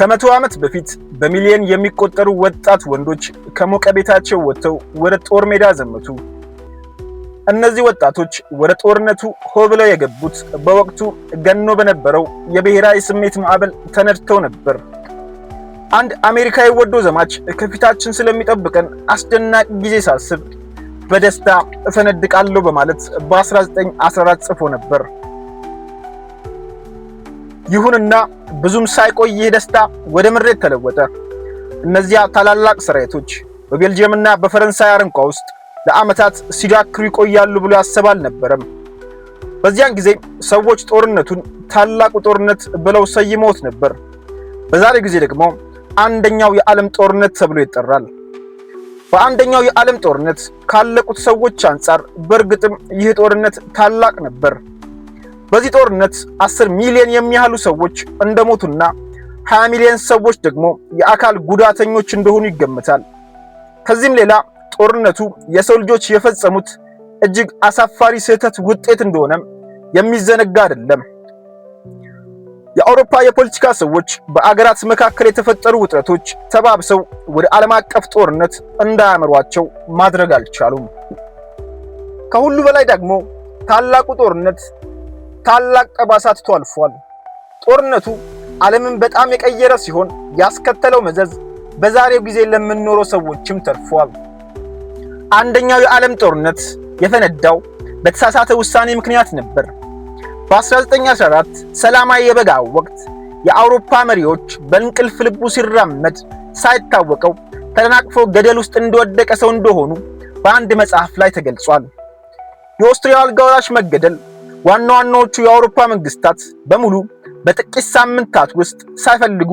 ከመቶ ዓመት በፊት በሚሊዮን የሚቆጠሩ ወጣት ወንዶች ከሞቀ ቤታቸው ወጥተው ወደ ጦር ሜዳ ዘመቱ። እነዚህ ወጣቶች ወደ ጦርነቱ ሆ ብለው የገቡት በወቅቱ ገኖ በነበረው የብሔራዊ ስሜት ማዕበል ተነድተው ነበር። አንድ አሜሪካዊ ወዶ ዘማች ከፊታችን ስለሚጠብቀን አስደናቂ ጊዜ ሳስብ በደስታ እፈነድቃለሁ በማለት በ1914 ጽፎ ነበር። ይሁንና ብዙም ሳይቆይ ይህ ደስታ ወደ ምሬት ተለወጠ። እነዚያ ታላላቅ ሰራዊቶች በቤልጅየምና በፈረንሳይ አረንቋ ውስጥ ለዓመታት ሲዳክሩ ይቆያሉ ብሎ ያሰብ አልነበረም። በዚያን ጊዜ ሰዎች ጦርነቱን ታላቁ ጦርነት ብለው ሰይመውት ነበር። በዛሬ ጊዜ ደግሞ አንደኛው የዓለም ጦርነት ተብሎ ይጠራል። በአንደኛው የዓለም ጦርነት ካለቁት ሰዎች አንጻር በእርግጥም ይህ ጦርነት ታላቅ ነበር። በዚህ ጦርነት 10 ሚሊዮን የሚያህሉ ሰዎች እንደሞቱና 20 ሚሊዮን ሰዎች ደግሞ የአካል ጉዳተኞች እንደሆኑ ይገመታል። ከዚህም ሌላ ጦርነቱ የሰው ልጆች የፈጸሙት እጅግ አሳፋሪ ስህተት ውጤት እንደሆነ የሚዘነጋ አይደለም። የአውሮፓ የፖለቲካ ሰዎች በአገራት መካከል የተፈጠሩ ውጥረቶች ተባብሰው ወደ ዓለም አቀፍ ጦርነት እንዳያመሯቸው ማድረግ አልቻሉም። ከሁሉ በላይ ደግሞ ታላቁ ጦርነት ታላቅ ጠባሳ ትቶ አልፏል። ጦርነቱ ዓለምን በጣም የቀየረ ሲሆን ያስከተለው መዘዝ በዛሬው ጊዜ ለምንኖረው ሰዎችም ተርፏል። አንደኛው የዓለም ጦርነት የፈነዳው በተሳሳተ ውሳኔ ምክንያት ነበር። በ1914 ሰላማዊ የበጋ ወቅት የአውሮፓ መሪዎች በእንቅልፍ ልቡ ሲራመድ ሳይታወቀው ተደናቅፎ ገደል ውስጥ እንደወደቀ ሰው እንደሆኑ በአንድ መጽሐፍ ላይ ተገልጿል። የኦስትሪያ አልጋ ወራሽ መገደል ዋና ዋናዎቹ የአውሮፓ መንግስታት በሙሉ በጥቂት ሳምንታት ውስጥ ሳይፈልጉ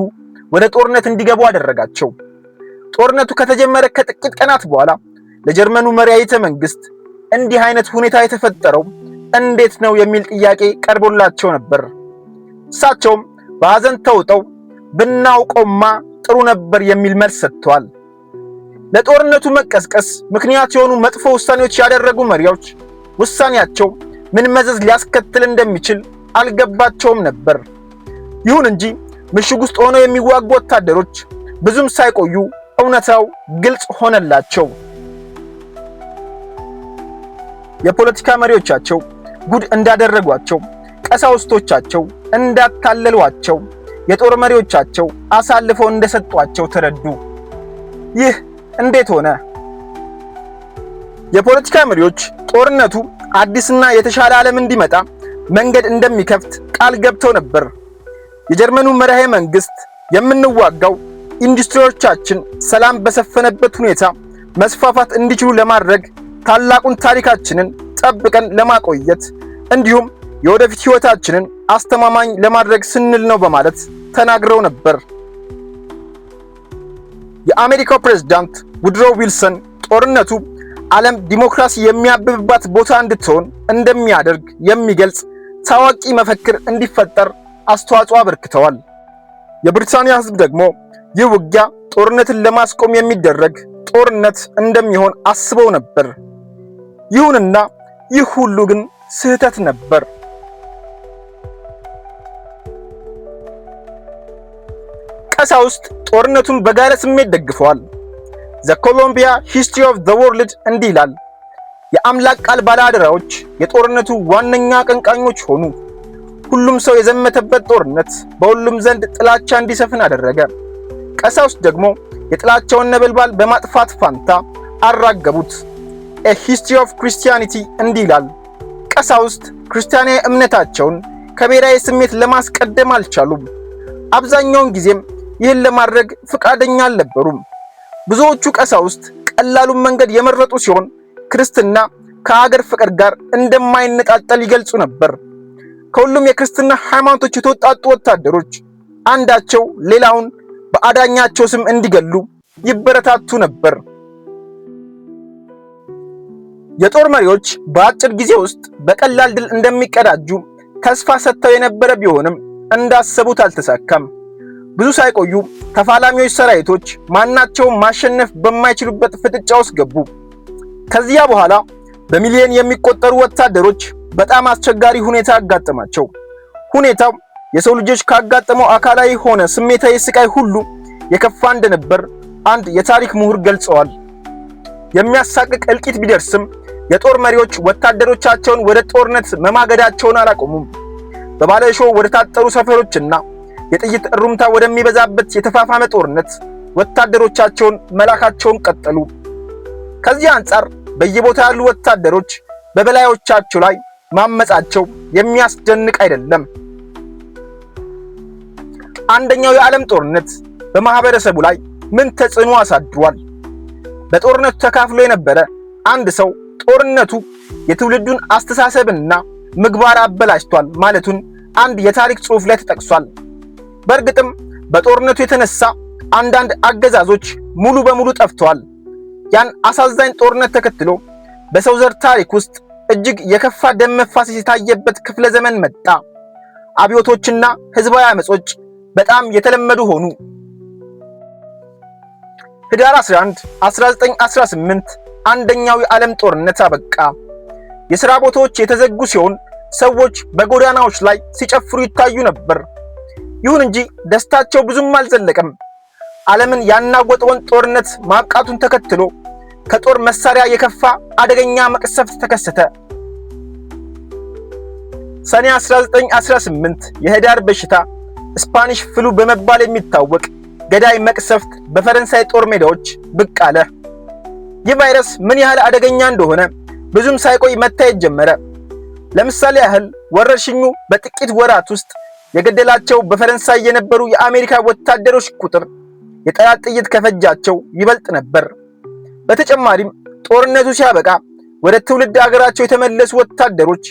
ወደ ጦርነት እንዲገቡ አደረጋቸው። ጦርነቱ ከተጀመረ ከጥቂት ቀናት በኋላ ለጀርመኑ መሪያዊተ መንግስት እንዲህ አይነት ሁኔታ የተፈጠረው እንዴት ነው የሚል ጥያቄ ቀርቦላቸው ነበር። እሳቸውም በሐዘን ተውጠው ብናውቀውማ ጥሩ ነበር የሚል መልስ ሰጥተዋል። ለጦርነቱ መቀስቀስ ምክንያት የሆኑ መጥፎ ውሳኔዎች ያደረጉ መሪዎች ውሳኔያቸው ምን መዘዝ ሊያስከትል እንደሚችል አልገባቸውም ነበር። ይሁን እንጂ ምሽግ ውስጥ ሆነው የሚዋጉ ወታደሮች ብዙም ሳይቆዩ እውነታው ግልጽ ሆነላቸው። የፖለቲካ መሪዎቻቸው ጉድ እንዳደረጓቸው፣ ቀሳውስቶቻቸው እንዳታለሏቸው፣ የጦር መሪዎቻቸው አሳልፈው እንደሰጧቸው ተረዱ። ይህ እንዴት ሆነ? የፖለቲካ መሪዎች ጦርነቱ አዲስና የተሻለ ዓለም እንዲመጣ መንገድ እንደሚከፍት ቃል ገብተው ነበር። የጀርመኑ መራሄ መንግስት የምንዋጋው ኢንዱስትሪዎቻችን ሰላም በሰፈነበት ሁኔታ መስፋፋት እንዲችሉ ለማድረግ ታላቁን ታሪካችንን ጠብቀን ለማቆየት እንዲሁም የወደፊት ህይወታችንን አስተማማኝ ለማድረግ ስንል ነው በማለት ተናግረው ነበር። የአሜሪካው ፕሬዝዳንት ውድሮ ዊልሰን ጦርነቱ ዓለም ዲሞክራሲ የሚያብብባት ቦታ እንድትሆን እንደሚያደርግ የሚገልጽ ታዋቂ መፈክር እንዲፈጠር አስተዋጽኦ አበርክተዋል። የብሪታንያ ሕዝብ ደግሞ ይህ ውጊያ ጦርነትን ለማስቆም የሚደረግ ጦርነት እንደሚሆን አስበው ነበር። ይሁንና ይህ ሁሉ ግን ስህተት ነበር። ቀሳውስት ጦርነቱን በጋለ ስሜት ደግፈዋል። ዘ ኮሎምቢያ ሂስትሪ ኦፍ ዘ ወርልድ እንዲህ ይላል። የአምላክ ቃል ባለአደራዎች የጦርነቱ ዋነኛ አቀንቃኞች ሆኑ። ሁሉም ሰው የዘመተበት ጦርነት በሁሉም ዘንድ ጥላቻ እንዲሰፍን አደረገ። ቀሳውስት ደግሞ የጥላቻውን ነበልባል በማጥፋት ፋንታ አራገቡት። ኤ ሂስትሪ ኦፍ ክርስቲያኒቲ እንዲህ ይላል። ቀሳውስት ክርስቲያናዊ እምነታቸውን ከብሔራዊ ስሜት ለማስቀደም አልቻሉም። አብዛኛውን ጊዜም ይህን ለማድረግ ፍቃደኛ አልነበሩም። ብዙዎቹ ቀሳውስት ቀላሉን መንገድ የመረጡ ሲሆን ክርስትና ከሀገር ፍቅር ጋር እንደማይነጣጠል ይገልጹ ነበር። ከሁሉም የክርስትና ሃይማኖቶች የተወጣጡ ወታደሮች አንዳቸው ሌላውን በአዳኛቸው ስም እንዲገሉ ይበረታቱ ነበር። የጦር መሪዎች በአጭር ጊዜ ውስጥ በቀላል ድል እንደሚቀዳጁ ተስፋ ሰጥተው የነበረ ቢሆንም እንዳሰቡት አልተሳካም። ብዙ ሳይቆዩ ተፋላሚዎች ሰራዊቶች ማናቸውም ማሸነፍ በማይችሉበት ፍጥጫ ውስጥ ገቡ። ከዚያ በኋላ በሚሊዮን የሚቆጠሩ ወታደሮች በጣም አስቸጋሪ ሁኔታ አጋጠማቸው። ሁኔታው የሰው ልጆች ካጋጠመው አካላዊ ሆነ ስሜታዊ ስቃይ ሁሉ የከፋ እንደነበር አንድ የታሪክ ምሁር ገልጸዋል። የሚያሳቅቅ እልቂት ቢደርስም የጦር መሪዎች ወታደሮቻቸውን ወደ ጦርነት መማገዳቸውን አላቆሙም። በባለሾ ወደ ታጠሩ ሰፈሮችና የጥይት እሩምታ ወደሚበዛበት የተፋፋመ ጦርነት ወታደሮቻቸውን መላካቸውን ቀጠሉ። ከዚህ አንጻር በየቦታ ያሉ ወታደሮች በበላዮቻቸው ላይ ማመጻቸው የሚያስደንቅ አይደለም። አንደኛው የዓለም ጦርነት በማህበረሰቡ ላይ ምን ተጽዕኖ አሳድሯል? በጦርነቱ ተካፍሎ የነበረ አንድ ሰው ጦርነቱ የትውልዱን አስተሳሰብና ምግባር አበላሽቷል ማለቱን አንድ የታሪክ ጽሑፍ ላይ ተጠቅሷል። በእርግጥም በጦርነቱ የተነሳ አንዳንድ አገዛዞች ሙሉ በሙሉ ጠፍተዋል። ያን አሳዛኝ ጦርነት ተከትሎ በሰው ዘር ታሪክ ውስጥ እጅግ የከፋ ደም መፋሰስ የታየበት ክፍለ ዘመን መጣ። አብዮቶችና ህዝባዊ አመጾች በጣም የተለመዱ ሆኑ። ህዳር 11 1918 አንደኛው የዓለም ጦርነት አበቃ። የሥራ ቦታዎች የተዘጉ ሲሆን ሰዎች በጎዳናዎች ላይ ሲጨፍሩ ይታዩ ነበር። ይሁን እንጂ ደስታቸው ብዙም አልዘለቀም። ዓለምን ያናወጠውን ጦርነት ማብቃቱን ተከትሎ ከጦር መሳሪያ የከፋ አደገኛ መቅሰፍት ተከሰተ። ሰኔ 1918 የህዳር በሽታ ስፓኒሽ ፍሉ በመባል የሚታወቅ ገዳይ መቅሰፍት በፈረንሳይ ጦር ሜዳዎች ብቅ አለ። ይህ ቫይረስ ምን ያህል አደገኛ እንደሆነ ብዙም ሳይቆይ መታየት ጀመረ። ለምሳሌ ያህል ወረርሽኙ በጥቂት ወራት ውስጥ የገደላቸው በፈረንሳይ የነበሩ የአሜሪካ ወታደሮች ቁጥር የጠላት ጥይት ከፈጃቸው ይበልጥ ነበር። በተጨማሪም ጦርነቱ ሲያበቃ ወደ ትውልድ አገራቸው የተመለሱ ወታደሮች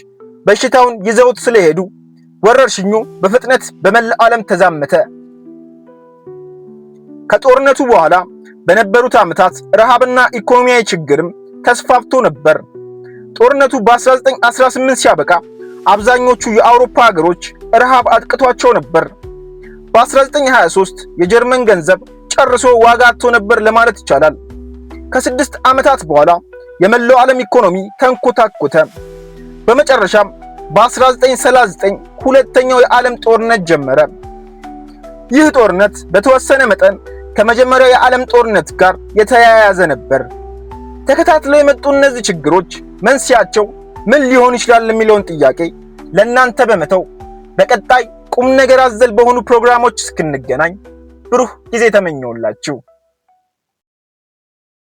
በሽታውን ይዘውት ስለሄዱ ወረርሽኙ በፍጥነት በመላ ዓለም ተዛመተ። ከጦርነቱ በኋላ በነበሩት ዓመታት ረሃብና ኢኮኖሚያዊ ችግርም ተስፋፍቶ ነበር። ጦርነቱ በ1918 ሲያበቃ አብዛኞቹ የአውሮፓ ሀገሮች ረሃብ አጥቅቷቸው ነበር። በ1923 የጀርመን ገንዘብ ጨርሶ ዋጋ አጥቶ ነበር ለማለት ይቻላል። ከስድስት ዓመታት በኋላ የመላው ዓለም ኢኮኖሚ ተንኮታኮተ። በመጨረሻም በ1939 ሁለተኛው የዓለም ጦርነት ጀመረ። ይህ ጦርነት በተወሰነ መጠን ከመጀመሪያው የዓለም ጦርነት ጋር የተያያዘ ነበር። ተከታትለው የመጡ እነዚህ ችግሮች መንስያቸው ምን ሊሆን ይችላል የሚለውን ጥያቄ ለእናንተ በመተው በቀጣይ ቁም ነገር አዘል በሆኑ ፕሮግራሞች እስክንገናኝ ብሩህ ጊዜ ተመኘውላችሁ።